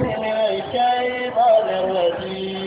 من الشيطان الرجيم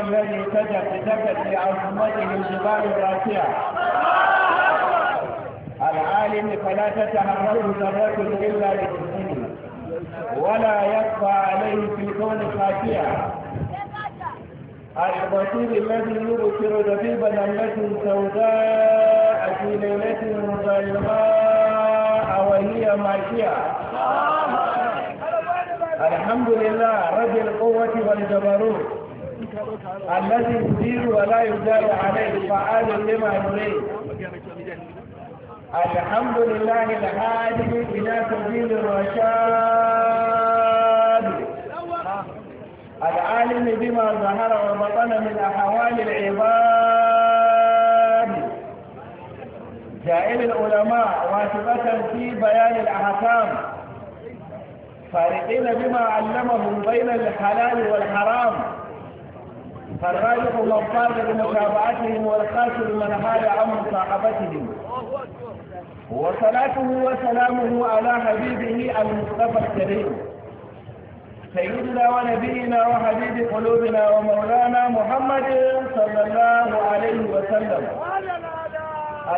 الكريم الذي في عظمته الجبال الراسعة العالم فلا تتحرك ذرات إلا بإذنه ولا يخفى عليه في الكون خاشعة البصير الذي يبصر دبيبا نملة سوداء في ليلة ظلماء وهي ماشية الحمد لله رب القوة والجبروت الذي يدير ولا يدار عليه فعال لما يريد الحمد لله الحاجب إلى سبيل الرشاد العالم بما ظهر وبطن من أحوال العباد جائل العلماء واسبة في بيان الأحكام فارقين بما علمهم بين الحلال والحرام فالراجح من بمتابعتهم والخاسر من حال عن مصاحبتهم وصلاته وسلامه على حبيبه المصطفى الكريم سيدنا ونبينا وحبيب قلوبنا ومولانا محمد صلى الله عليه وسلم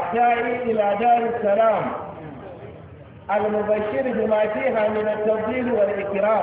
الداعي الى دار السلام المبشر بما فيها من التفضيل والاكرام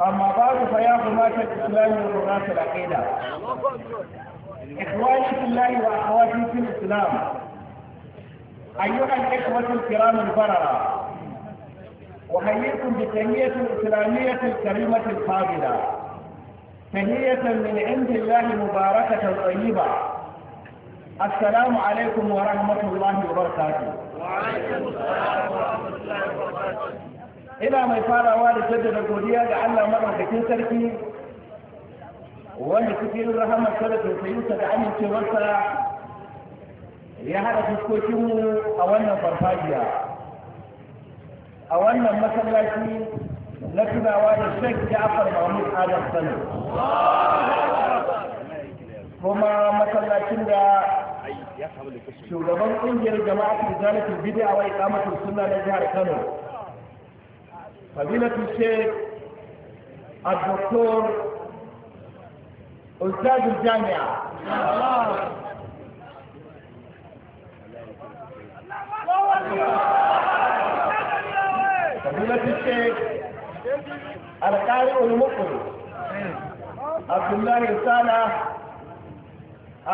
أما بعد فيا حماة الإسلام وحراس العقيدة إخواني في الله وأخواتي في الإسلام أيها الإخوة الكرام البررة أحييكم بالتهية الإسلامية الكريمة الفاضلة تهية من عند الله مباركة طيبة السلام عليكم ورحمة الله وبركاته وعليكم السلام ورحمة الله وبركاته ina mai farawa da jaddada godiya ga Allah madaukakin sarki wanda cikin rahamarsa da tausayinsa da amincewarsa ya haɗa fuskokinmu a wannan farfajiya a wannan masallaci na tunawa da shek ja'far mahmud adam sani kuma masallacin da shugaban ƙungiyar jama'a ta zalatin bid'a wa iqamatul sunna na jihar Kano فضيلة الشيخ الدكتور أستاذ الجامعة فضيلة الشيخ القارئ المقرئ عبد الله صالح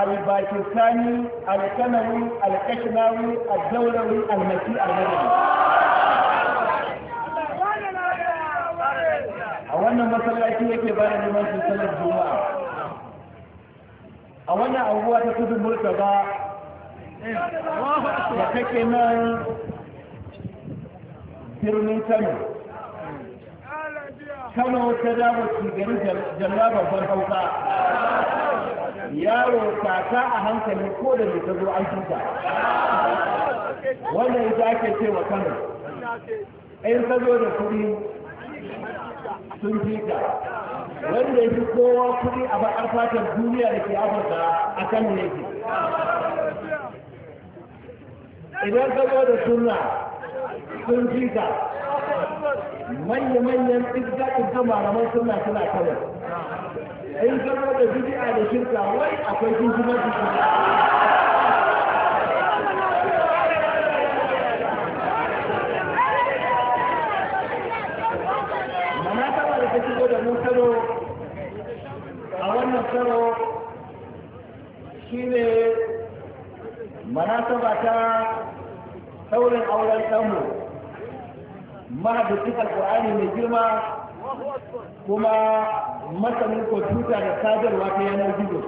الباكستاني الكنوي الكشماوي الدولوي المسيح المدني wannan masallaci yake bayan limancin salar juma'a a wannan anguwa ta kudu mulka ba da take nan birnin kano kano ta dama shigarin jallaban farfauta yaro kaka a hankali ko da ta zo an tuta wannan ita ake cewa kano in ta zo da kuɗi sun fita wanda ya fi kowa kuɗi a bakar fatar duniya da ke afirka a kan ne ke idan ka da suna sun fi ka manya-manyan ɗigga-ɗigga malaman suna suna kawai in ka zo da bidi'a da shirka wai akwai kinkimanci shirka wannan karo shi ne manasaba ta saurin auren ɗanmu mahaifin alkur'ani mai girma kuma masanin kwamfuta da sadarwa ta yanar gizo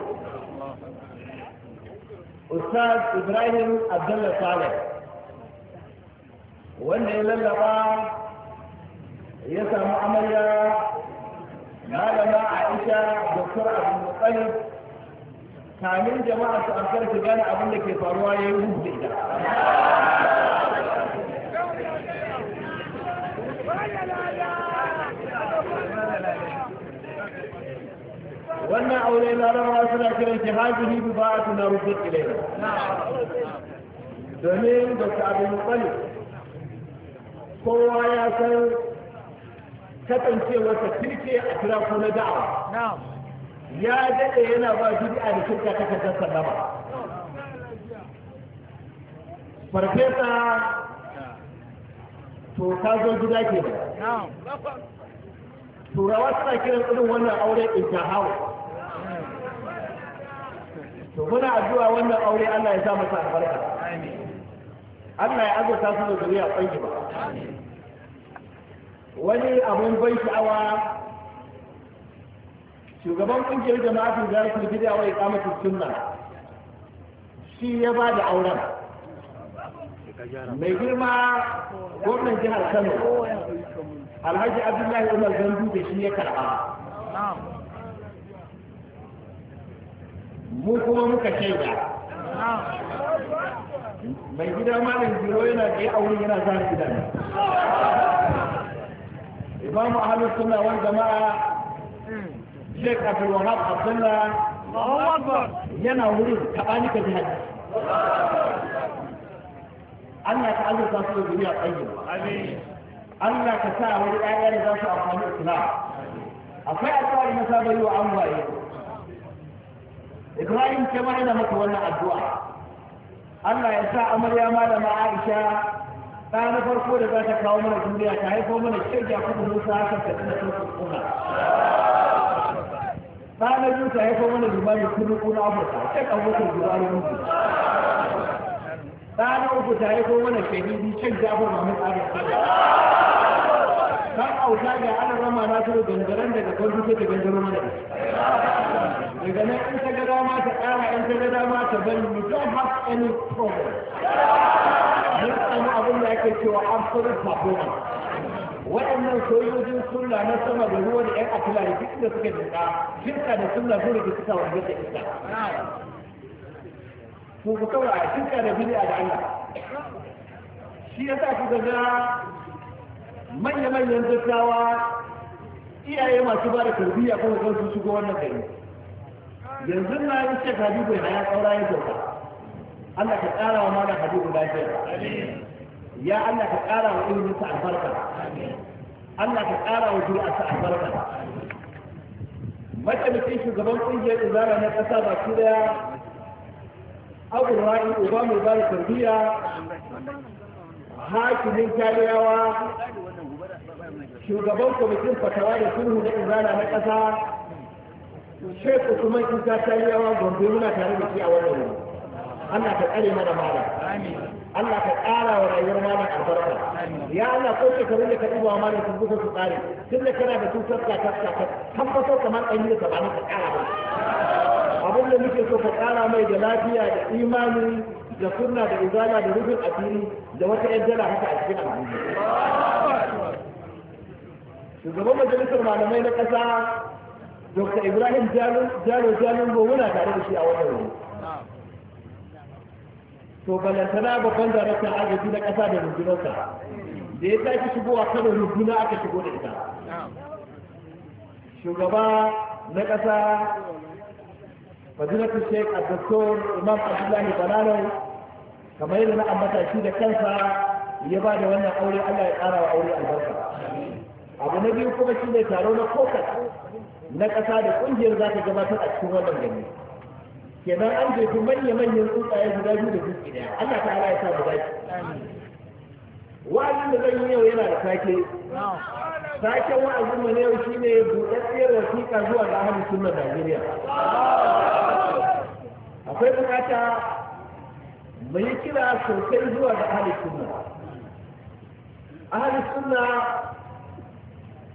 ustaz ibrahim abdullahi saleh wanda ya lallaba ya samu amarya مالما عائشة دكتور أبو المطلب كامل جماعة أمسان سجانة أبو لك فاروا يهوه بإذا وانا أولينا لما رسل أكل انتهاجه بباعة نرفض إلينا دمين دكتور أبو المطلب قوة يا kasancewar ta tilke a kira ko na da'awa ya daɗe yana ba bid'a da shirka ta kasar sallama farfesa to ka zo gida ke ba. turawa suna kiran irin wannan aure intahawa to muna addu'a wannan aure Allah ya sa masa albarka Allah ya azurta su da zuriya tsayi ba wani abun bai sha'awa shugaban kungiyar jama'atin zarafin gida wa iqamatus nan, shi ya ba da auren mai girma gwamnan jihar Kano Alhaji Abdullahi Umar Gandu da shi ya karba mu kuma muka shaida mai gida malam biro yana da ya aure yana zara gida إمام أهل السنة والجماعة شيخ أبو الوهاب عبد الله الله أكبر ينا ورد كبانك بهذا أنا تعلم تصل الدنيا الطيبة أنا كساه ورد آية رضاشة أفهم الإسلام أفعل الله مسابه وعمره إبراهيم كما هنا متولى أنا الله يسعى مريم على معائشة ta na farko da za ta kawo mana duniya ta haifo mana shirya kuma musa haka ta tuna sun kuma ta na biyu ta haifo mana zubani kudu kuna afirka ta kawo ta zubani mutu ta na uku ta haifo mana shahidi can jafar mamun tsarin ta auta ga ana rama na turu gangaren daga kwanci ta gangaren mana daga nan in ta ga dama ta ƙara in ta ga dama ta bari you don't have any problem mun samu abin da ake cewa absolute performance waɗannan sojojin sunna na sama da ruwa da 'yan atila duk da suka dinka shirka da sunna sun rike suka wanda ta isa to ku kawai a shirka da bid'a da Allah shi yasa kuka ga manya-manyan dattawa iyaye masu ba da tarbiyya kuma kan su shigo wannan gari yanzu na yi ce habibu na ya tsaura ya kyauta Allah ka tsara wa mana habibu lafiya ya Allah ka tsara wa ilimin sa albarka Allah ka tsara wa sa albarka mataimakin shugaban kungiyar izara na kasa baki daya abu ra'i uba mai ba da tarbiyya hakimin kariyawa shugaban kwamitin fatawa da sulhu na izara na kasa Sheikh Usman Isa ta yi yawa gombe muna tare da shi a wannan wuri. Allah ka tsare mana mala. Allah ka ƙara wa rayuwar malam albarka. Ya Allah ko shekarun da ka duba malam sun kusa su tsare. Tun da kana da cutar ka ta ka tabbatar kamar an yi ka ba ka ƙara ba. Abin da muke so ka ƙara mai da lafiya da imani da sunna da izala da rufin asiri da wata 'yan dala haka a cikin al'umma. Shugaban majalisar malamai na kasa. dr ibrahim jalo Jalo go wuna tare da shi a wannan wuri to balantana babban daraktan agaji na kasa da rundunarsa da ya tashi a kano runduna aka shigo da ita shugaba na ƙasa fadilatu sheik abdulkor imam abdullahi banano kamar yadda na ambata shi da kansa ya ba da wannan aure allah ya kara wa aure albarka abu na biyu kuma shi ne taro na kokas na ƙasa da ƙungiyar za ta gabatar a cikin wannan gani kenan an jefi manya-manyan tsuntsaye guda biyu da dutse ɗaya Allah ta ala ya sa mu dace wa'azin da zan yi yau yana da sake saken wa'azin mu na yau shine buɗaɗɗiyar wasiƙa zuwa ga ahlus sunna Najeriya akwai bukata mu yi kira sosai zuwa ga ahlus sunna ahlus sunna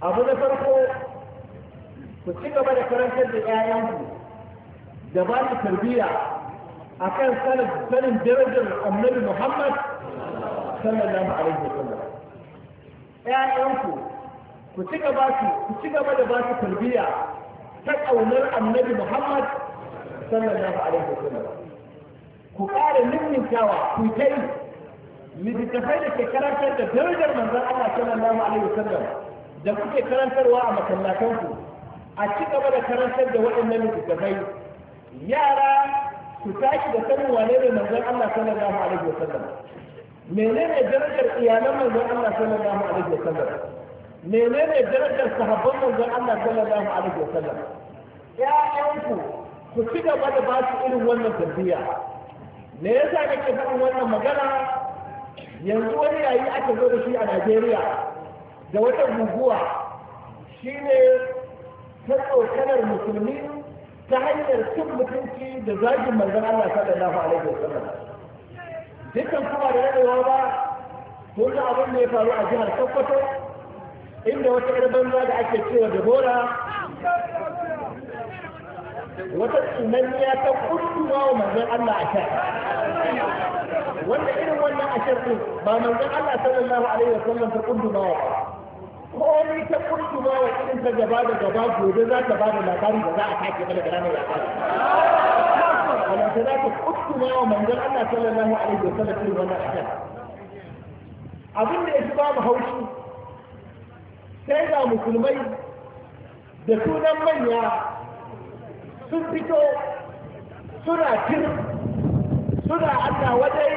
abu na farko ku ci gaba da karantar da 'ya'yanku da ba su tarbiyya a kan sanin darajar annabi muhammad sallallahu alaihi wa sallam ƴaƴanku ku ci gaba ku ci gaba da ba su tarbiyya ta ƙaunar annabi muhammad sallallahu alaihi wa sallam ku ƙara ninninkawa ku ta yi littattafai da ke karantar da darajar manzon Allah sallallahu alaihi wa sallam da kuke karantarwa a masallatanku a ci gaba da karantar da waɗannan littattafai yara su tashi da sanin wane ne manzon Allah sallallahu alaihi wasallam menene darajar iyalan manzon Allah sallallahu alaihi wasallam menene darajar sahabban manzon Allah sallallahu alaihi wasallam ya'yanku ku ci gaba da ba su irin wannan tarbiyya me yasa nake faɗin wannan magana yanzu wani yayi aka zo da shi a Najeriya da wata guguwa shine ta tsokanar musulmi ta hanyar cin mutunci da zagin manzon Allah sallallahu alaihi wasallam dukkan kuma da rabewa ba ko ga abin da ya faru a jihar Sokoto inda wata ƴar banza da ake cewa Debora wata tsunanniya ta kurtuwa wa manzon Allah a sha wanda irin wannan ashar din ba manzon Allah sallallahu alaihi wasallam ta kurtuwa ba komai ta kurkuma wa cikin ta gaba da gaba gobe za ta ba da labari da za a sake mana da ranar labari walanta za ta kurkuma wa manzon Allah sallallahu alaihi wa sallam irin wannan akan abin da ya fi babu haushi sai ga musulmai da sunan manya sun fito suna tir suna Allah wadai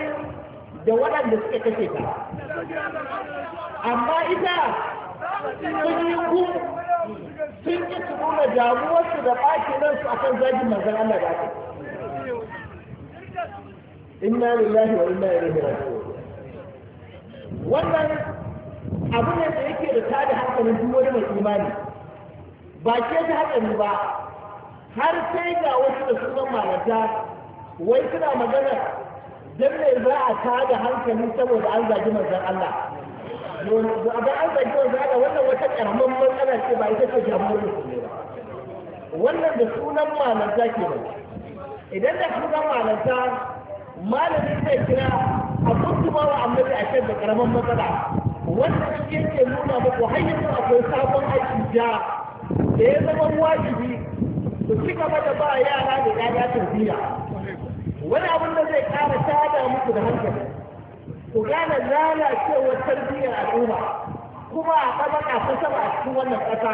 da waɗanda suka kashe ta amma ita sun yi ku sun yi su nuna damuwarsu da ɓaci nan su akan zagin manzan Allah da aka inna lillahi wa inna ilaihi raji'un wannan abu ne da yake da tada hankalin duk wani mai imani ba ke ta hankali ba har sai ga wasu da sunan malata wai suna magana dan me za a tada hankali saboda an zagi manzan Allah ba ga an zanci wanzu haka wannan wata karamin matsala ce ba ita ce jamuwar musulmi ba wannan da sunan malanta ke ba idan da sunan malanta malamin zai kira a kuntuma wa Amurka a shan da karamin matsala wannan shi yake nuna muku har yanzu akwai sabon aiki ja da ya zama wajibi su ci gaba da ba yara da 'ya'ya tarbiyya wani abin da zai kara tada musu da hankali ku gane lalacewar tarbiyyar al'umma kuma a tabaka ta sama a cikin wannan ƙasa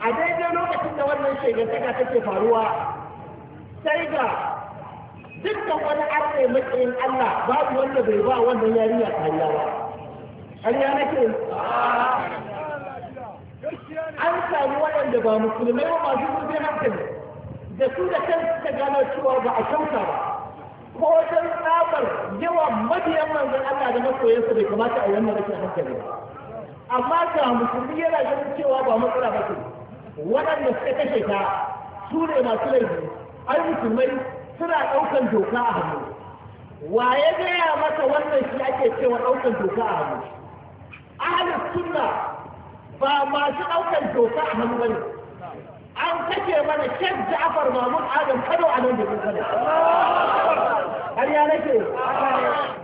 a daidai lokacin da wannan shegantaka take faruwa sai ga dukkan wani arne matsayin Allah babu wanda bai ba wannan a kariya ba kariya nake an samu waɗanda ba musulmai ba masu kuɗin hankali da su da kansu ta gano cewa ba a kyauta ba ko don tsabar yawan mabiyan manzon Allah da masoyansa bai kamata a wannan rashin hankali amma ga musulmi yana ganin cewa ba matsala ba ce waɗanda suka kashe ta su ne masu laifi ai musulmai suna ɗaukan doka a hannu wa ya gaya masa wannan shi ake cewa ɗaukan doka a hannu ahalin sunna ba masu ɗaukan doka a hannu ba ne take mana shek ja'afar mamun adam kano a nan da kuka har ya nake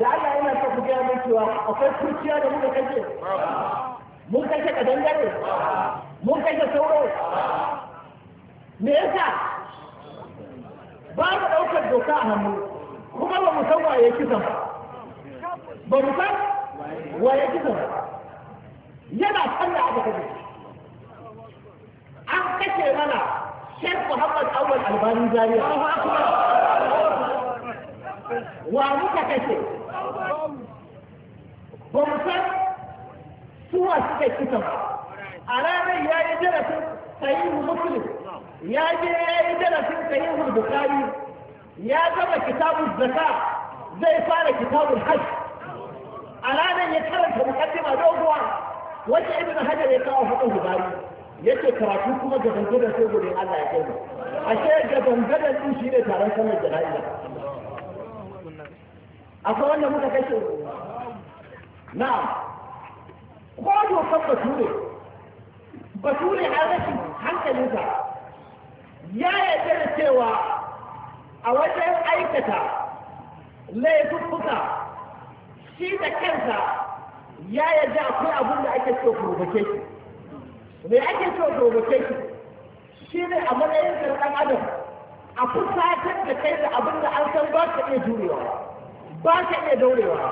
da Allah yana ta ku gaya min cewa akwai kurciya da muka kashe mun kashe kadangare mun kashe sauro me yasa ba mu daukar doka a hannu kuma ba mu san waye kisan ba mu san waye kisan yana kalla a daga kake mana Sheikh Muhammad Awal Albani Zaria wa muka kace ba mu san suwa suka kisan a ranar ya yi darasin sahihu muslim ya je ya yi darasin sahihu bukari ya gama kitabun zaka zai fara kitabun hajj a ranar ya karanta mukaddima doguwa wacce ibn hajar ya kawo hudu bari yake karatu kuma gaban gadan sai gurin Allah ya kai mu ashe gaban gadan din shi ne taron sallar jana'iza akwai wanda muka kashe na ko dokar bature bature a rashin hankalinsa ya yarda da cewa a wajen aikata laifuffuka shi da kansa ya yarda akwai abin da ake so ku kurbace shi me ake so dogace kai shi ne a matsayin ɗan adam a fusatar da kai da abin da an san ba ka iya jurewa ba ka iya daurewa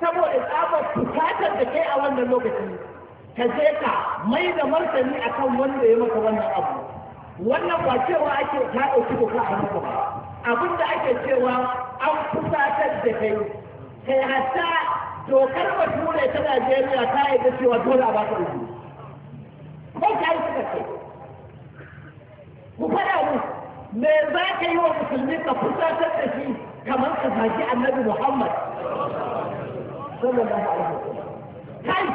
saboda tsabar fusatar da kai a wannan lokaci ka je ka mai da martani akan wanda ya maka wannan abu wannan ba cewa ake ta ɗauki ka a maka ba abin da ake cewa an fusatar da kai kai hatta dokar bature ta Najeriya ta yi da cewa dole a ba ka sai ka yi suka ce ku faɗa mu me za ka yi wa musulmi ka fusatar da shi kamar ka zaki annabi muhammad sallallahu alaihi wasallam kai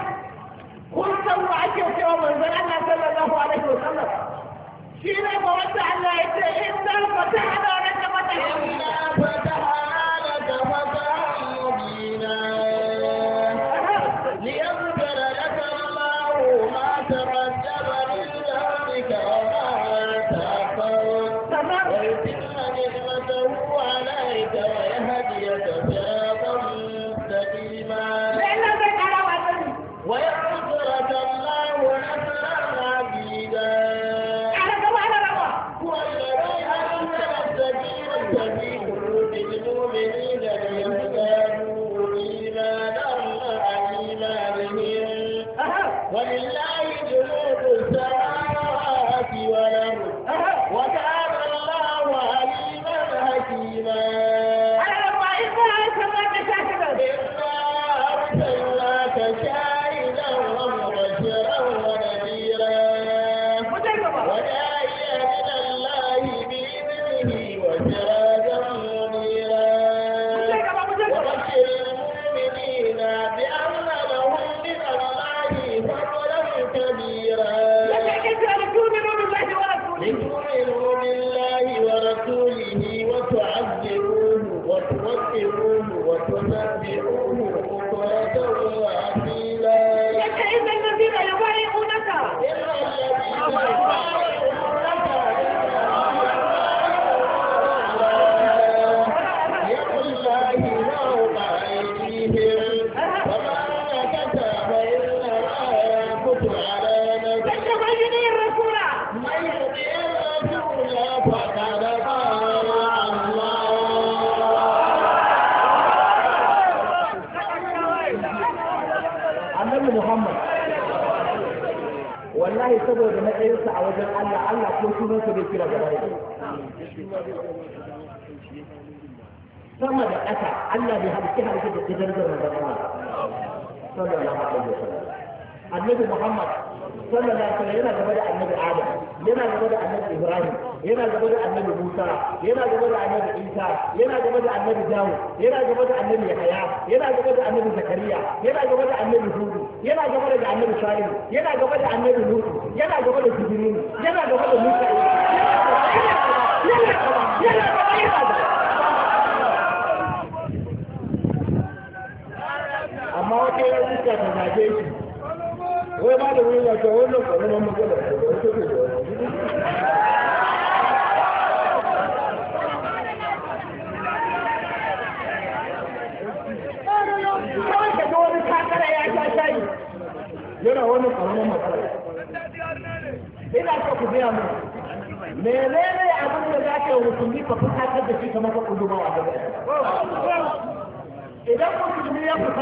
kun san wa ake cewa manzon Allah sallallahu alaihi wasallam shi ne ba wanda Allah ya ce in da fatahna laka mata.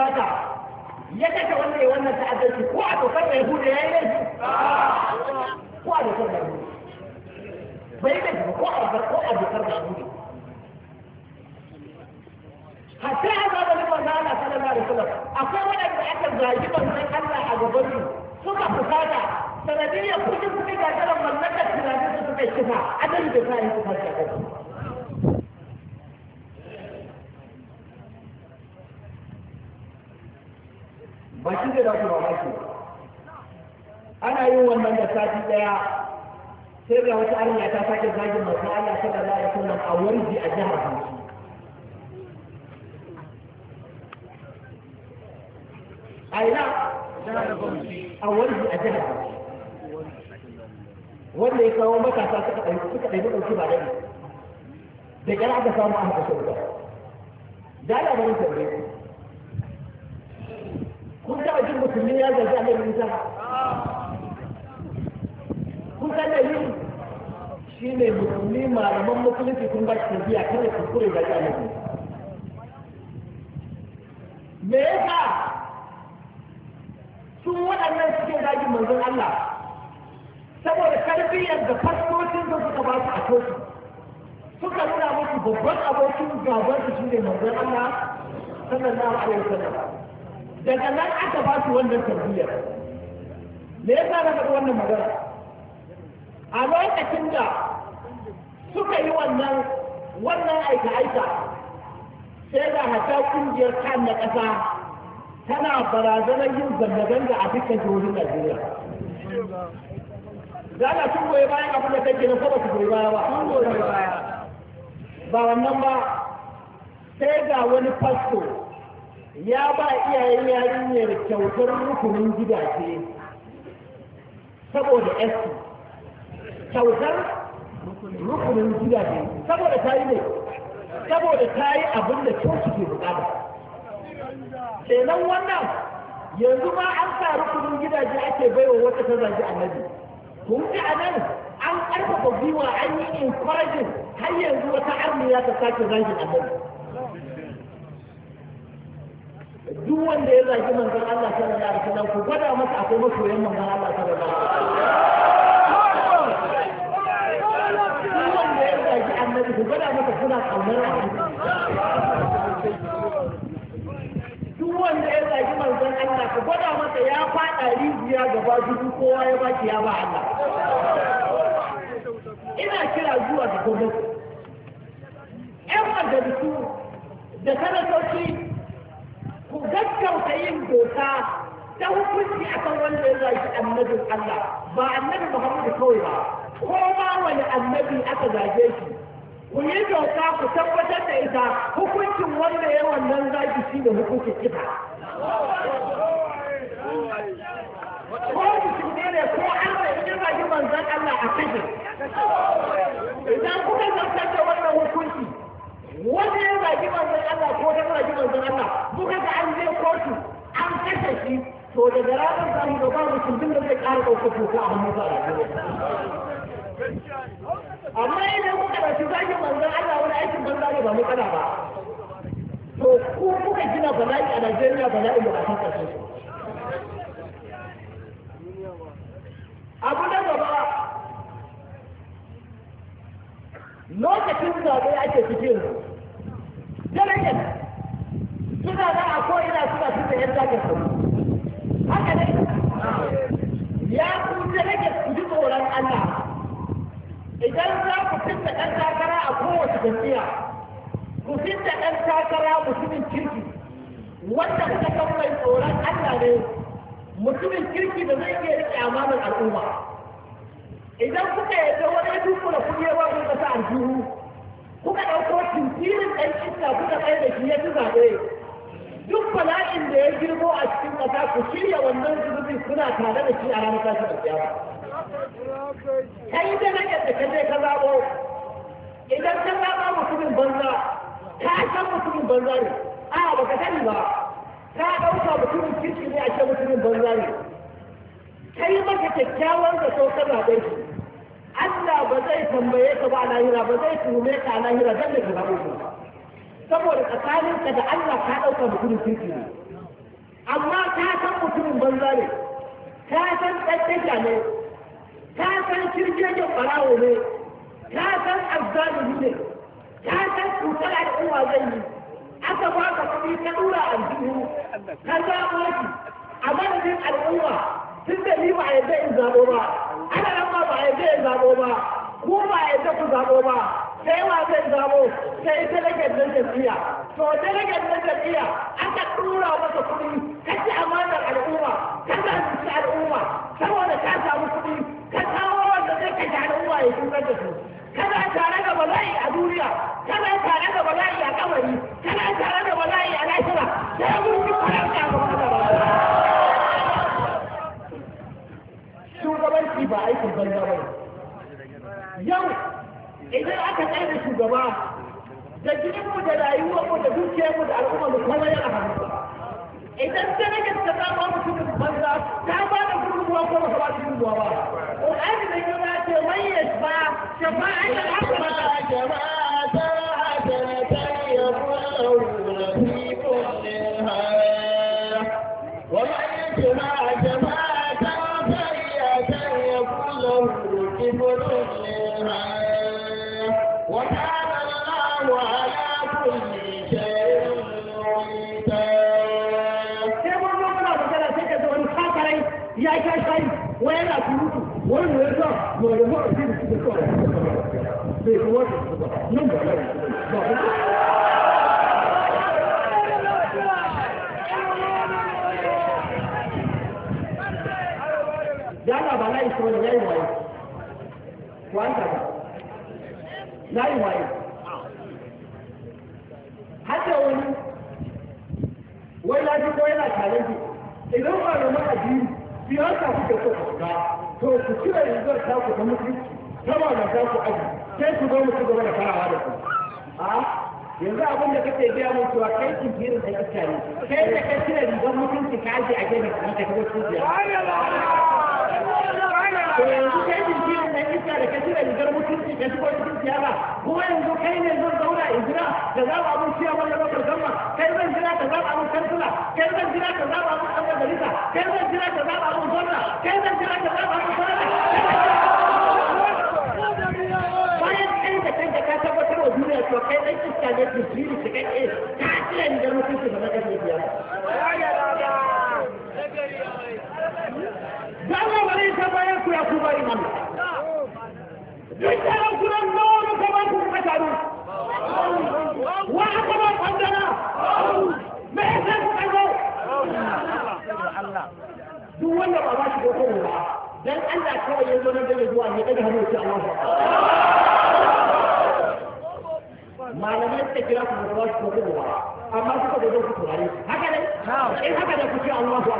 baka ya kashe wanda ya wannan ta'addanci ko a dokar da yahuda ya yi laifi ko a dokar da yahuda bai yi laifi ko a dokar da yahuda hatta a zamanin manzo Allah sallallahu alaihi wasallam akwai waɗanda aka zagi manzon Allah a gaban su suka fusata sanadiyyar kudin kuɗi ga jaran mallakar tunanin su suka kifa adalci da kayan kufarta kansu bakin shi da ku ba maki ana yin wannan da sati daya sai ga wata arniya ta sake zagin masu Allah da ya wasallam a warji a jihar hausa a ina a warji a jihar hausa wanda ya kawo matasa suka ɗauki suka ɗauki ɗauki ba dai da ƙyar aka samu a haka sauka da ala ganin tabbai kun taɓa jin musulmi ya zargi annabi Isa kun san dalili shi ne musulmi malaman musulunci kun ba shi biya kan da kuskure da annabi me yasa sun waɗannan suke zagin manzon Allah saboda tarbiyyar da fastocin da suka ba su a coci suka nuna musu babban abokin gaban su shine manzon Allah sallallahu alaihi wasallam daga nan aka ba su wannan tarbiyya me yasa na faɗi wannan magana a lokacin da suka yi wannan wannan aika-aika sai da hata kungiyar kan na ƙasa tana barazanar yin zanga-zanga a dukkan jihohin Najeriya. na sun goyi bayan abin da take na saba su goyi baya ba. Sun goyi baya. Ba wannan ba sai ga wani fasto ya ba iyayen yarinyar kyautar rukunin gidaje saboda esu kyautar rukunin gidaje saboda ta yi ne saboda ta yi abin da kyau ke bukata kenan wannan yanzu ma an sa rukunin gidaje ake baiwa wata ta a annabi kun ji a nan an ƙarfafa gwiwa an yi encouraging har yanzu wata armiya ta sake zagi annabi duk wanda ya zaki manzon Allah sallallahu alaihi wasallam ku gwada masa akwai masoyan manzon Allah sallallahu alaihi wasallam duk wanda ya zaki annabi ku gwada masa kuna kaunar duk wanda ya zagi manzon Allah ku gwada masa ya faɗa rijiya gaba dubu kowa ya baki ya ba Allah ina kira zuwa ga gwamnati 'yan majalisu da kada sanatoci gaggauta yin doka ta hukunci akan wanda ya zaki annabin Allah ba annabi Muhammadu kawai ba ko ma wani annabi aka zage shi ku yi doka ku tabbatar da ita hukuncin wanda ya wannan zaki shi da hukuncin ita. ko musulmi ne ko Allah in ya zagi Allah a kashe idan kuka zartar da wannan hukuncin. wanda ya zagi manzon Allah ko ta zagi manzon Allah muka ga an je kotu an kashe shi to daga ranar zamu ga ba mutum da zai ƙara ɗaukar doka a hannun sa amma idan muka da shi zagi manzon Allah wani aikin banza ne ba kana ba to ko muka gina bala'i a Najeriya bala'i da ba ta kashe abu na gaba lokacin zaɓe ake cikin darajar suna na a ko ina suna su da yan zagin su haka ne ya ku darajar ku ji tsoron Allah idan za ku fitta ɗan takara a kowace jam'iyya ku fitta ɗan takara mutumin kirki wanda kuka san mai tsoron Allah ne mutumin kirki da zai iya riƙe amanar al'umma idan kuka yadda wani ya dukula kujewa kuka sa aljihu kuka ɗauko tintirin ɗan cikin kuka kai da shi ya ci zaɓe duk bala'in da ya girbo a cikin ƙasa ku shirya wannan zubi suna tare da shi a ranar tashin alƙiyama kai da nake da ka je ka zaɓo idan ka zaɓa mutumin banza ka san mutumin banza ne a ka sani ba ka ɗauka mutumin kirki ne a ce mutumin banza ne kai maka kyakkyawar da sau ka zaɓe shi ba zai tambaye ka ba lahira ba zai tume ka lahira zan da gaba ba saboda tsakanin ka da Allah ka dauka mutumin kirki ne amma ka san mutumin banza ne ka san tsaddaka ne ka san kirkirkin barawo ne ka san azzalimi ne ka san cutar al'umma zai yi aka ba ka kuɗi ka dura a jihu ka zaɓo shi a madadin al'umma tun da ni ba a yadda in zaɓo ba ana nan ba ba yadda ya zabo ba ku ba yadda ku zabo ba sai wa zai zabo sai delegar na jam'iyya to delegar na jam'iyya aka tura masa kuɗi kace amanar al'umma ka zalunci al'umma saboda ka samu kuɗi ka kawo wanda zai ka al'umma ya cutar da su kana tare da bala'i a duniya kana tare da bala'i a kabari kana tare da bala'i a lahira sai mun yi kwarar da ba shugabanci ba aikin banza ba yau idan aka tsaye shugaba da jininmu da rayuwarmu da dukiyarmu da al'umma da kuma yana hannu idan darajar ta kama mutumin banza ta ba da gudunmuwa ko ba ba da gudunmuwa ba ƙur'ani da yana ce mai yasba shafa'atan haka ba ta jama'a ما يمر فيه السبب في قوات السبب ينبع له جانا بلاي سوى لا يواي وانت لا يواي حتى ولي ولا دي كوينا تالنتي idan malaman addini siyasa kuke so ku ga to ku cire rigar ta ku ta mutunci kama da ta ku aji sai ku zo mu ci gaba da farawa da ku a yanzu abin da kake gaya mun cewa kai kin jirin da iska ne kai da kai kira rigar mutunci ka aje a gefe ka ta cikin jiya to yanzu kai kin jirin iska da ka cire rigar mutunci ka shigo cikin siyasa kuma yanzu kai ne zan zauna in jira da zaba abin ciya wanda bakar gama kai zan jira ka zaba abin kansila kai zan jira ka zaba abin ɗan majalisa kai zan jira ka zaba abin gwamna kai zan jira ka zaba abin sarara bayan kai da kai ka tabbatar wa duniya to kai ɗan iska ne ku jiri su kai ɗaya ka cire rigar mutunci da bakar gama Allah bari ta bayan ku ya ku bari mana. بالتنزل النور كما كنت تسألون وعقبت عندنا ما يسألكم عنه دول ما راح يقولوا معاه dan Allah kawai ya zo nan da zuwa ne daga hannu sai Allah malamai suka kira su da wasu ko kuma amma suka da su turare haka ne in haka da ku ce Allah ku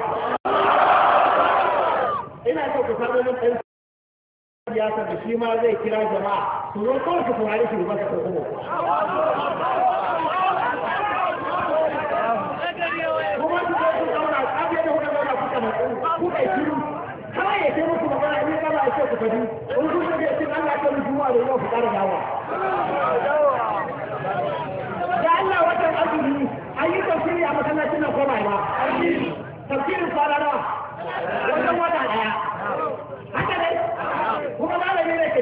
ina so ku samu nan ya da shi ma zai kira jama'a su zo kawai su kumari shi ba su ko kuma kuma su zo su zauna abin da kuka zauna kuka matsu kuka yi shiru kawai ya ce muku magana ni kama a ce ku fadi in kun ga ya ce Allah ya kalli juma'a da yau ku ƙara dawa da Allah watan azumi ayyukan shiri a masallacin na koma ba tafsirin kwana nawa wajen wata ɗaya.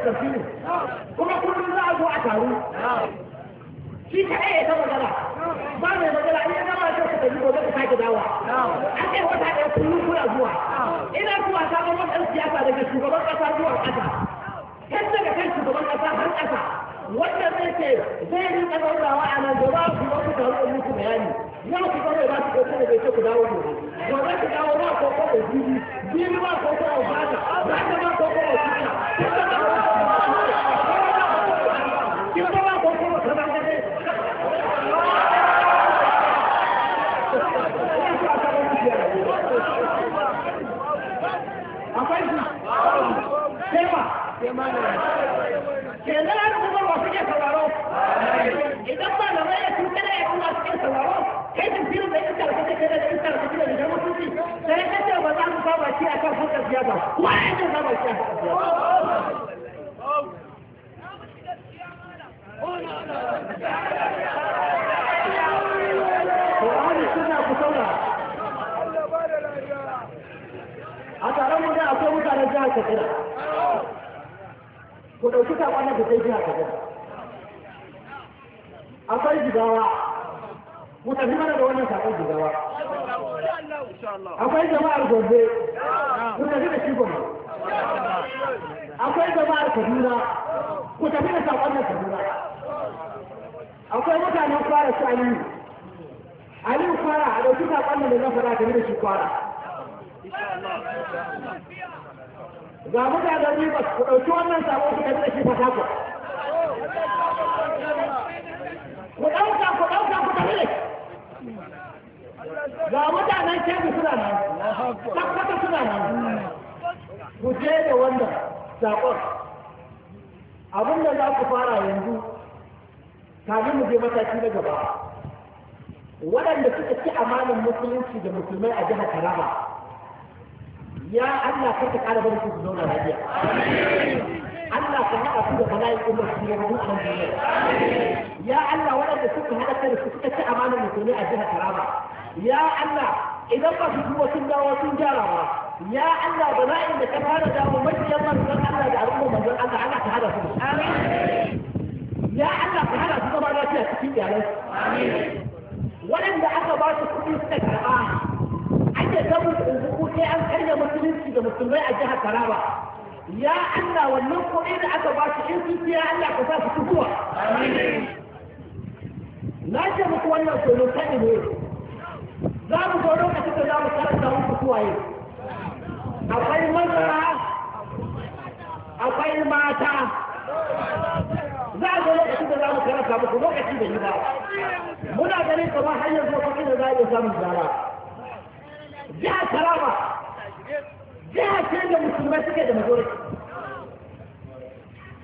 tafsiri kuma kullum za a zo a taru shi kaɗai ya ta magana ba mai magana in ya gama sai tafi gobe ka sake dawa an kai wata ɗaya kullum kuna zuwa ina zuwa sabon wani siyasa daga shugaban ƙasa zuwa ƙasa kan daga kan shugaban ƙasa har ƙasa wannan zai ce zai rinka zaunawa a nan gaba su ba su taru da muku bayani yau ku ba su ɗauko da bai ce ku dawo gobe gobe ku dawo ba ko ko da jiri jiri ba ko ko ba ta ba ta ba ko ko ba idan na mai su ya da da da ce suna ku A Ku ɗauki saƙon da kai jihar Katsina. akwai jigawa mu tafi mana da wannan akwai jama'ar mu tafi da shi gobe akwai jama'ar kaduna tafi da sakon da kaduna akwai mutanen fara su aliyu aliyu fara a ɗauki sakon da na fara game da shi fara ga mutanen rivers ku ɗauki wannan sakon ku tafi da shi ga mutanen kebbi suna nan tabbata suna nan ku je da wanda saƙon abin da za ku fara yanzu kafin mu je mataki na gaba waɗanda suka ci amanin musulunci da musulmai a jihar taraba ya Allah ka ta ƙara bari su zauna lafiya Allah ka haɗa su da bala'i umar su ya rubu an ya Allah waɗanda suka haɗa kai da suka ci amanin musulmai a jihar taraba ya Allah idan ba su kuma sun dawo sun gyara ba ya Allah bala'in da ka fara dawo majiyan manzon Allah da al'umma manzon Allah Allah ta hada su ya Allah ka hada su zama lafiya cikin iyalan waɗanda aka ba su kuɗi suka karɓa ake samun tsunzuku sai an karya musulunci da musulmai a jihar Taraba ya Allah wannan kuɗi da aka ba su in sun ya Allah ka sa su fitowa na ce muku wannan solo kai ne za mu zo lokacin da za mu karanta muku suwaye akwai mazara akwai mata za a zo lokacin da za mu karanta muku lokaci da yi ba muna ganin kamar hanyar zuwa kwakin da za a iya samun zara jiha taraba jiha ce da musulmai suke da majority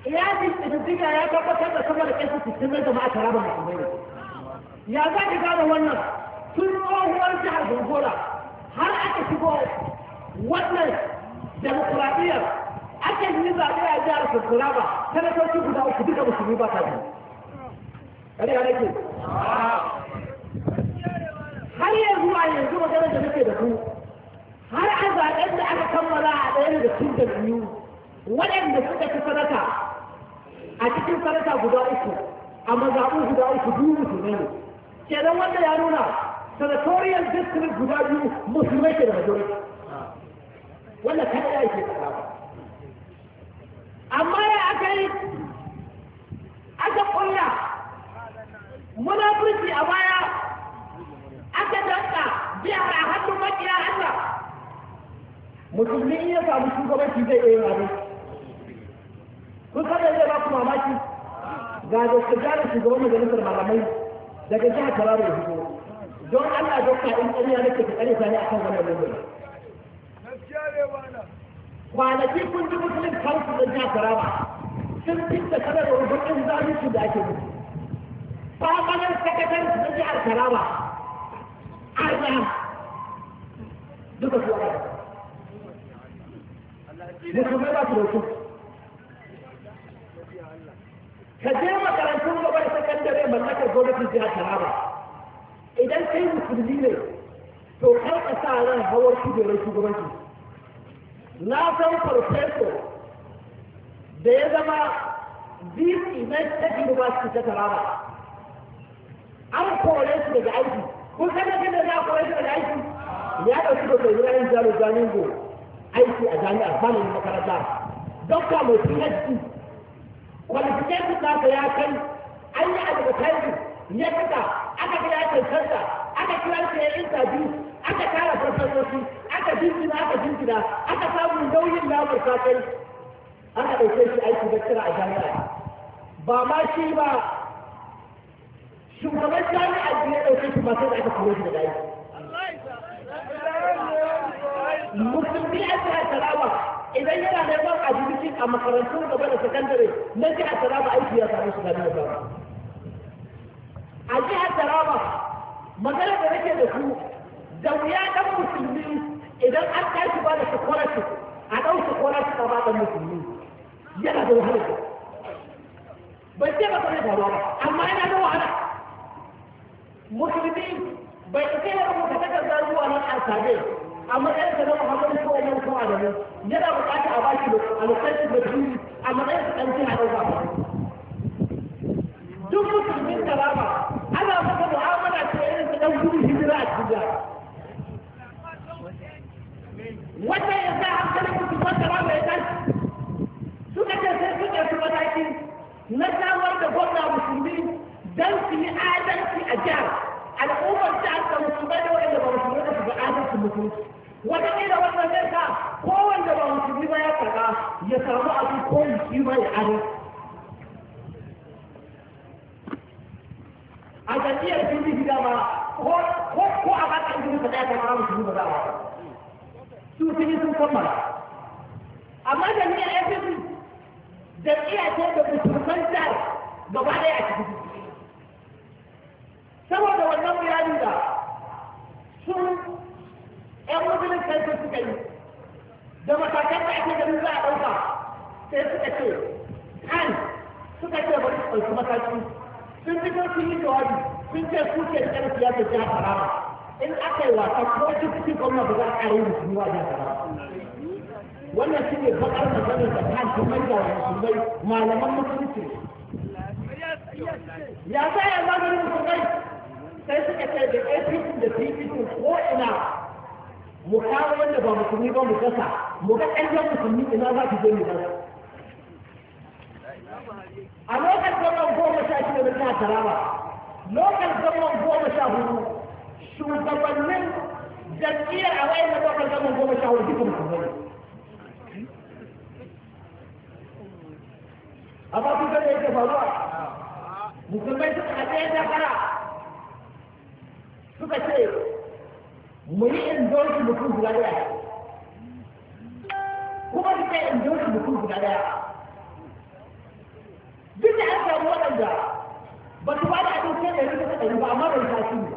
iyalin ɗididdiga ya tabbatar da sama da ƙasa 60 da ma'a taraba musulmai ya za ki gane wannan tun tsohuwar jihar Gongora har aka shigo wannan demokuraɗiyyar aka yi zaɓe a jihar Gongora talatoci guda uku duka musulmi ba ta biyu. Kare kare ke. Har yanzu a yanzu magana da nake da ku har a zaɓen da aka kammala a ɗaya daga cikin jam'iyyu waɗanda suka ci sadaka a cikin sadaka guda uku a mazaɓu guda uku biyu musulmi ne. Kenan wanda ya nuna senatorial district guda biyu musulmai ke da majority wannan kada ya ke amma ya aka yi aka kulla munafurci a baya aka danka biyar a hannun makiya Allah musulmi in ya samu shugabanci zai iya yin abin kun kada zai ba ku mamaki ga da su gane shugaban majalisar malamai daga jihar Taraba ya fito don Allah dokta in ƙarya nake da ƙarya ne akan wannan mutum kwanaki kun ji musulun kansu da jihar Taraba sun fitta sanar da rubutun zalunci da ake musu fakanar sakatar na jihar Taraba arna duka su ana musulmai ba su dauki ka je makarantun gabar sakandare mallakar gwamnatin jihar Taraba idan kai musulmi ne to kai ka sa ran hawar kujerar shugabanci na san farfeso da ya zama vc na state university ta taraba an kore su daga aiki kun san da kada za a kore su daga aiki ya ɗauki da bai yayin zanen go aiki a jami'ar malamin makaranta dokta mai phd kwalifikation nasa ya kai an yi advertising ya fita aka kira ya cancanta aka kira ya ya interview aka tara farfasoshi aka jinkina aka jinkina aka samu nauyin lamar sakai aka ɗauke shi aiki da kira a jami'a ba ma shi ba shugaban jami'a ne ya ɗauke shi ba sai da aka kuro shi da aiki musulmi a jihar taraba idan yana neman abu a makarantun gaba da sakandare na jihar taraba aiki ya samu shi na ba a jihar taraba magana da nake da ku da wuya dan musulmi idan an tashi ba da shakwarashi a ɗau shakwarashi ba dan musulmi yana da wahala bai ce ba kare da ba amma yana da wahala musulmi bai isa ya rubuta takardar zuwa nan alkabe a matsayin sa na muhammadu ko umar da adamu yana buƙata a bashi a lokacin da turi a matsayin sa dan jiha ɗauka duk musulmin taraba maka mu'amala ta irin ta gudun hijira a cikin wannan ya sa sai sun mataki na samar da gwamna musulmi don su yi adalci a jihar al'ummar jihar da musulmai da wanda ba musulmi da su ba adalci musulunci wata ƙila wannan zai sa kowanne ba musulmi ba ya karɓa ya samu abin ko ya adalci a jam'iyyar pdp dama ko a baka izini ba za a kama ramu ba za a ba su sun yi sun kammala amma jam'iyyar fdp jam'iyya ce da musulman jihar gaba ɗaya a cikin saboda wannan bayani da sun yan musulun kansu suka yi da matakan da ake ganin za a ɗauka sai suka ce kan suka ce bari su ɗauki mataki sun ko sun yi tawabi sun ce su ke da siyasa ta fara in aka yi wasa ko duk cikin gwamna ba za a yi musulmi wajen jihar wannan shi ne bakar maganar da ta mai da mai malaman musulunci ya sa ya zama musulmai sai suka ce da apc da pdp ko ina mu kawo wanda ba musulmi ba mu gasa mu ga ɗan musulmi ina za ki je mu gasa a lokal zaman goma sha shida na jihar taraba lokal zaman goma sha hudu shugabannin jam'iyyar a wayan na lokal gwamnan goma sha hudu duka mutum ne amma kun san da yake faruwa musulmai suka haɗe ya dakara suka ce mu yi indoshi mutum guda ɗaya kuma suka yi indoshi mutum guda ɗaya duk da an samu waɗanda ba su ba da abin sai ɗari da ɗari ba amma bai tashi ne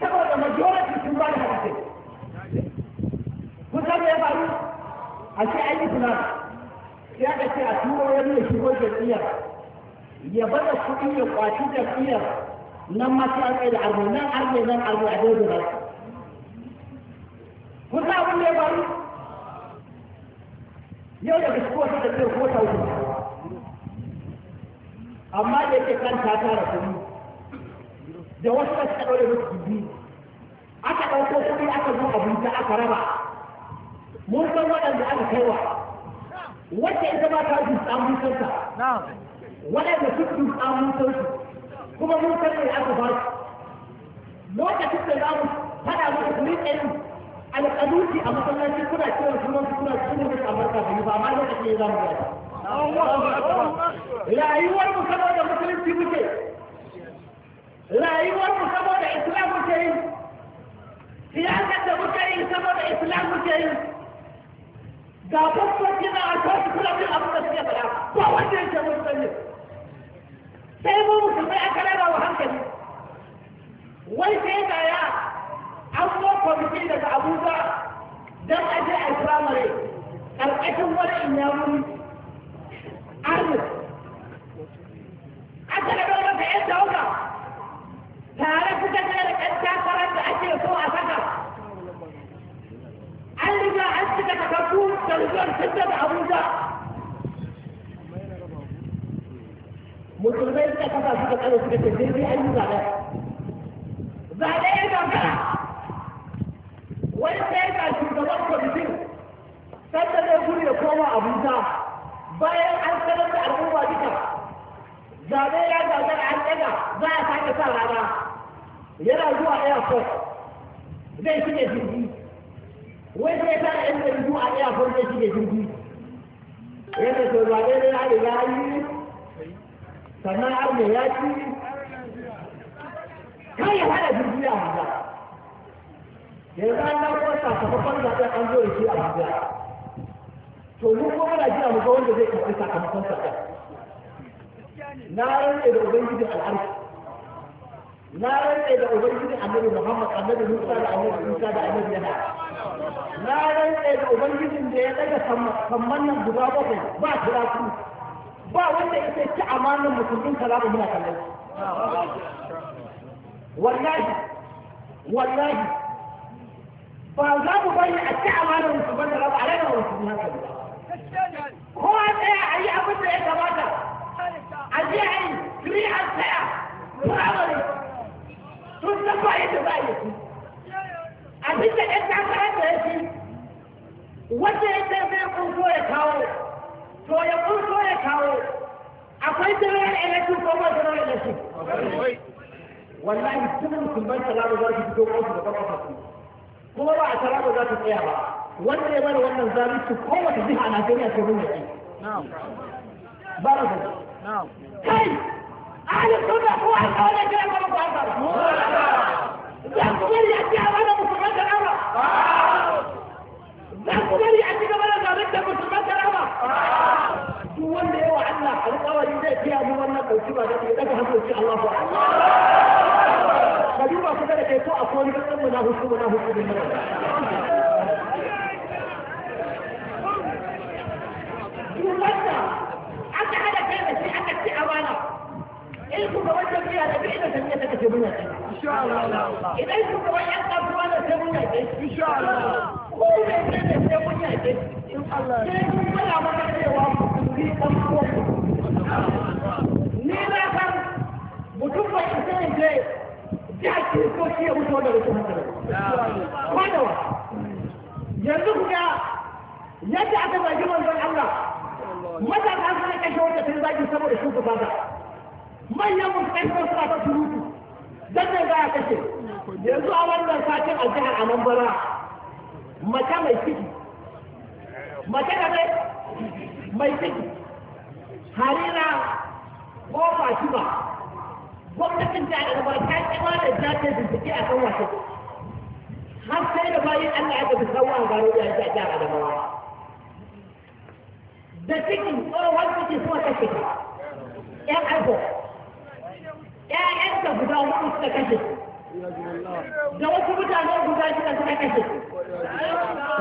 saboda majority sun ba da hadisai kun san me ya faru a ce an yi plan sai aka ce a turo wani ya shigo jam'iyyar ya bada kuɗi ya kwaci jam'iyyar nan ma sai an tsaye da arzo nan arzo nan arzo a daidai ba kun san abin da ya faru yau daga shigo sai da ko ta wuce amma da yake kan ta tara kuɗi da wasu ba suka ɗaure musu kuɗi aka ɗauko kuɗi aka zo abinci aka raba mun san waɗanda aka kaiwa wacce ita ma ta ji tsamun kansa waɗanda suka ji tsamun kansu kuma mun san me aka ba su lokacin da za mu faɗa musu kuɗi ɗari alƙaluci a masallaci kuna cewa sunan suna cikin da kamar kafin ba ma lokacin ya za mu gaba rayuwar mu saboda musulunci muke rayuwar mu saboda islam muke yi siyasar da muke yi saboda islam muke yi ga fasoci na a kawai kula bin abin da suke faɗa ba wanda yake mun sani sai mu musulmai aka rara wa hankali wai sai da ya an zo kwamiti daga abuja don aje a firamare ƙarƙashin wani inyamuri arzik aka da ɗaukar da ‘yan dauka tare suka da ‘yan takarar da ake so a saka an riga an cika takakku da rigar fitar da abuja musulmai suka kafa suka tsare suka ce daidai an yi zaɓe zaɓe ya gagara wani sai ga shugaban kwamitin sanda zai gudu da koma abuja bayan an sanar da al'umma duka zaɓe ya gagara an ɗaga za a sake sa rana yana zuwa airport zai shige jirgi wai sai ta yan ɗari zuwa airport zai shige jirgi yana to zaɓe ne ya riga yi sannan har ne ya ci kai ya hana jirgi a hanga yanzu an ɗauko sakamakon zaɓen an zo da shi a hanga to mu ko muna jira mu ga wanda zai karɓi sakamakon sa na rantsa da ubangijin al'arshi na rantsa da ubangijin annabi muhammad annabi musa da annabi isa da annabi yana na rantsa da ubangijin da ya daga samman nan guda bakwai ba turaku ba wanda ya ita ci amanar musulmin kalamu muna kallon wallahi wallahi ba za mu bari a ci amanar musulmin kalamu a ranar musulmin haka kowa ɗaya a yi abin da ya kamata a je a yi kiri an tsaya firamare tun san ba yadda za a yi abin da ɗan takarar da ya ci wanda ya ce zai kunso ya kawo to ya kunso ya kawo akwai general election ko ba general election wallahi duk mutum ban tsara da fito ko su da ba kuma ba a tara ba za ta tsaya ba wanda ya bada wannan zalunci ko wata jiha a Najeriya ce mun yake ba da kai ahli sunna ko an kawo da jira ba ko an ba za ku bari a ci gaba da musulman da rawa za ku bari a ci gaba da zalunci da musulman da rawa duk wanda yawa Allah alƙawari zai kiyaye wannan ɗauki ba da ke daga hankali Allah ba Allah ka duba kusa da kai ko a wani kasan muna hutu muna hutu da yawa wanda aka hada kai da shi aka ci amana in ku ga wannan biya da biya da biya take muna insha Allah idan ku ga wannan kasuwa da sai muna insha Allah ko da sai sai muna in Allah sai kun fara maka cewa ku bi kan ku ni na san mutum ba ko ya mutu wanda ko da wa yanzu ku ga yadda aka zagi manzon Allah matasa suna kashe wanda sun zagi saboda su ku bada manyan mun kashe suna ta surutu dan nan za kashe yanzu a wannan satin a jihar Anambra mace mai ciki mace da mai ciki harira ko fatima gwamnatin da al'amar ta yi imanin ta ce bincike a kan wasu har sai da bayan Allah aka fi sauwa a gano da yanzu a jihar Adamawa. Da cikin tsohon ciki suka kashe ta, ‘yan aiko, ‘ya'yanta guda hudu suka kashe su, da wasu mutane guda shida suka kashe su.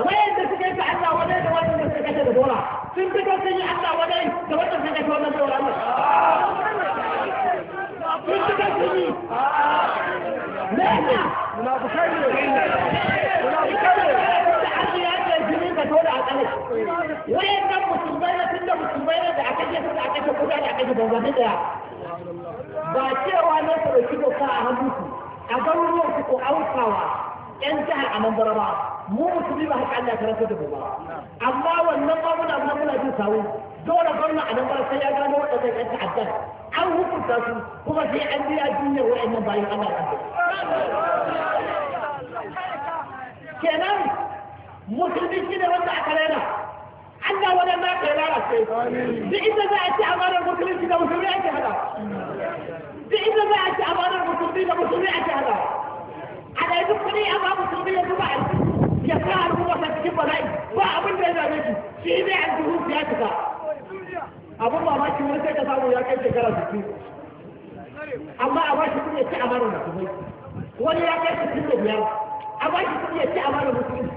Wayan da suka yi ta Allah wadai da wannan da suka kashe da dora, sun fito sun yi Allah wadai da wannan suka kashe wannan dora. sun ci kan sun yi ne ne da arzi ya ce jini ka dole a tsanin musulmai musulmai ne da aka aka da aka ba ne a hannu a garuruwan su ko aukawa yan jihar a nan mu musulmi ba haka Allah ya da mu ba amma wannan ba muna muna muna jin sawu dole gwamna a nan ba sai ya gano waɗannan ƴan ta'adda an hukunta su kuma sai an biya duniyar waɗannan bayan Allah kenan musulmi shi ne wanda aka raina Allah wani ma ka rara sai duk inda za a ci amanar musulunci da musulmi ake hada duk inda za a ci amanar musulmi da musulmi ake hada a da yanzu kuɗi a ba musulmi yanzu ba ya sa al'umma ta cikin bala'i ba abin da ya dame shi shi ne aljihu ya cika abin mamaki wani sai ka samu ya kai shekara amma a bashi ya ci amana musulmai wani ya kai sittin da biyar a bashi ya ci amana musulmi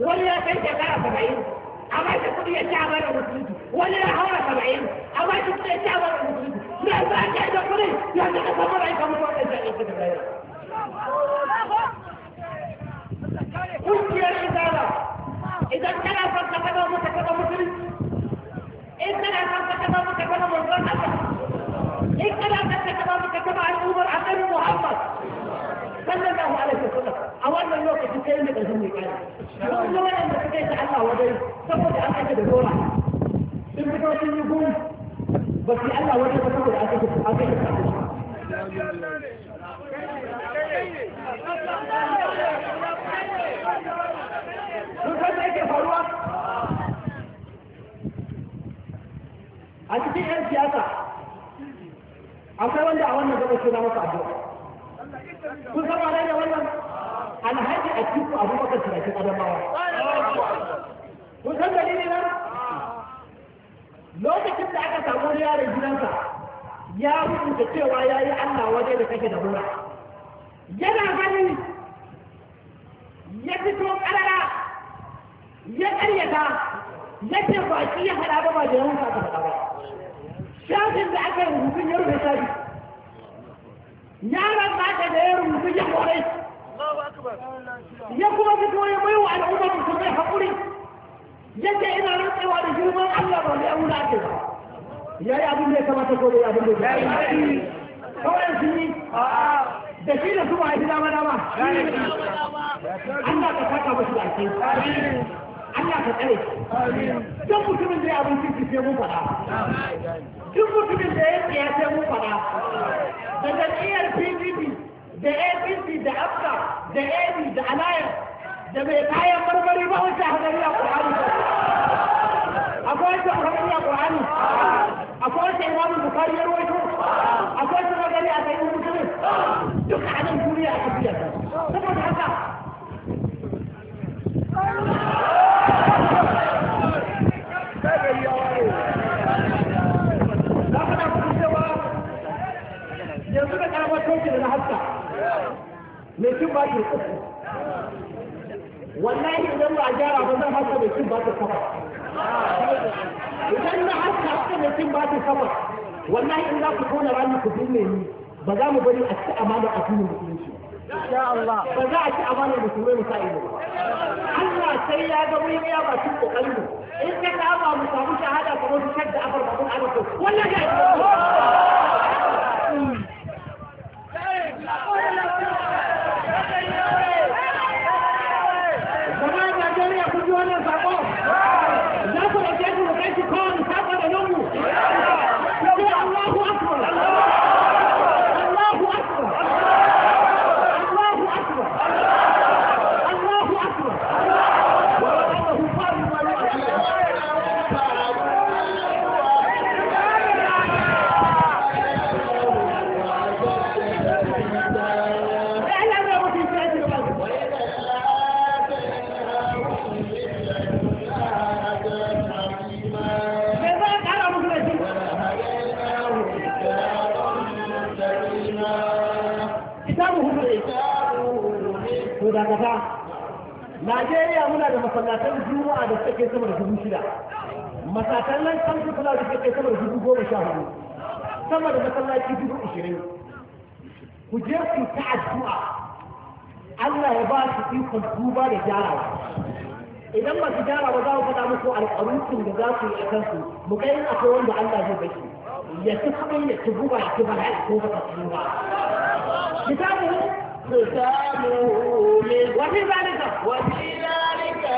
wani ya kai shekara saba'in a bashi kuɗi ya ci amana musulmi wani ya haura saba'in a bashi kuɗi ya ci amana musulmi da za a kai da kuɗi ya ci ka samu rai kamar wanda ya ci da bayar. Kungiyar Izala idan kana son ka faɗa mata musulunci اقتنع نفسك نومك كما مرضان الله اقتنع نفسك نومك كما الامر عن محمد صلى الله عليه وسلم اولا الوقت في كلمه الهم كان وكل ما انت كيف الله وجهه تقول انا كده دورا انت كنت النجوم بس الله وجهه تقول انا كده انا كده Não sabe o que falou? a cikin 'yan siyasa akwai wanda a wannan gaba suna masa addu'a kun saba da wannan alhaji a cikin abubakar turakin adamawa kun san dalili nan? lokacin da aka samu yaron gidansa ya rubuta cewa ya yi allah waje da kake da mura yana gani ya fito karara ya karyata na ba shi ya faɗa ba da yawan ka faɗa ba shafin da aka rubutu ya rufe shafi ba ka da ya rubutu ya kwarai ya kuma fito ya bai wa al'ummar mai haƙuri yadda ina rantsewa da girman Allah ba mai yawan ake ba ya yi abin da ya kamata ko da ya abin da ya yi kawai su yi da shi da su ba a yi dama dama Allah ka saka musu da ake Allah ka tsare don mutumin da ya abin kirki sai mun faɗa duk mutumin da ya tsaya sai mun faɗa da jam'iyyar PDP da APC da AFCA da AD da Alliance da mai kayan marmari ba wacce hadari a Qur'ani akwai wacce hadari a Qur'ani akwai wacce Imam Bukhari ya rawaito akwai wacce hadari a kai mutumin duk a nan duniya a kafiyar saboda haka yake da na haska mai cin bakin uku wallahi idan ba a gyara ba zan haska mai cin bakin sama idan na haska haska mai cin bakin sama wallahi in za ku kona rami ku binne ni ba za mu bari a ci amana a duniya musulunci ba za a ci amana musulmai mu sa ido Allah sai ya ga mun ya ba cin kokarin mu in ka ta ba mu samu shahada kamar su shadda abar babun alaƙo wallahi masallatan juma'a da suka kai sama da dubu shida masatan nan kan su da suka kai sama da dubu goma sha hudu sama da masallaci dubu ashirin ku je ku ta addu'a Allah ya ba su ikon duba da gyarawa idan ba su gyara ba za ku faɗa muku alƙaruncin da za su yi a kansu mu kai akwai wanda Allah zai bashi ya ci kuɗi ya ci guba ya ci ba ya ko ba ci ba kitabu kitabu min wa fi zalika wa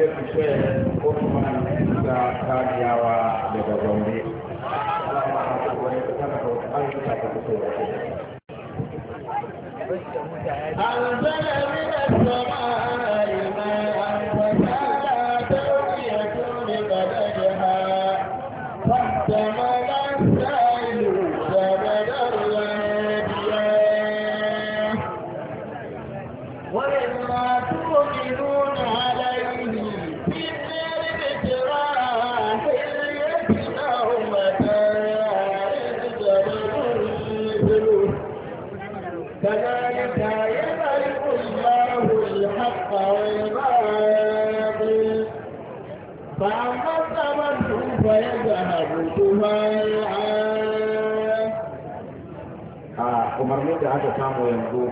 Sadiq Hussein Usman Isa Kadiyawa daga Gombe. Alhamdulillah.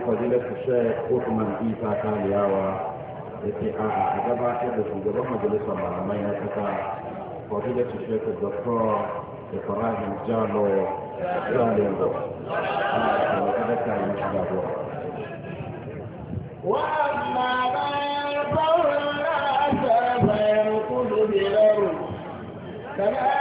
fadilar shayar ko kuma isa kaliyawa ya ce a a gabatar da shugaban majalisar malamai na kasa fadilar shayar da doktor ibrahim jalo jalingo ana kuma kada ka yi shiga zuwa وأما ما ينفع الناس فينقذ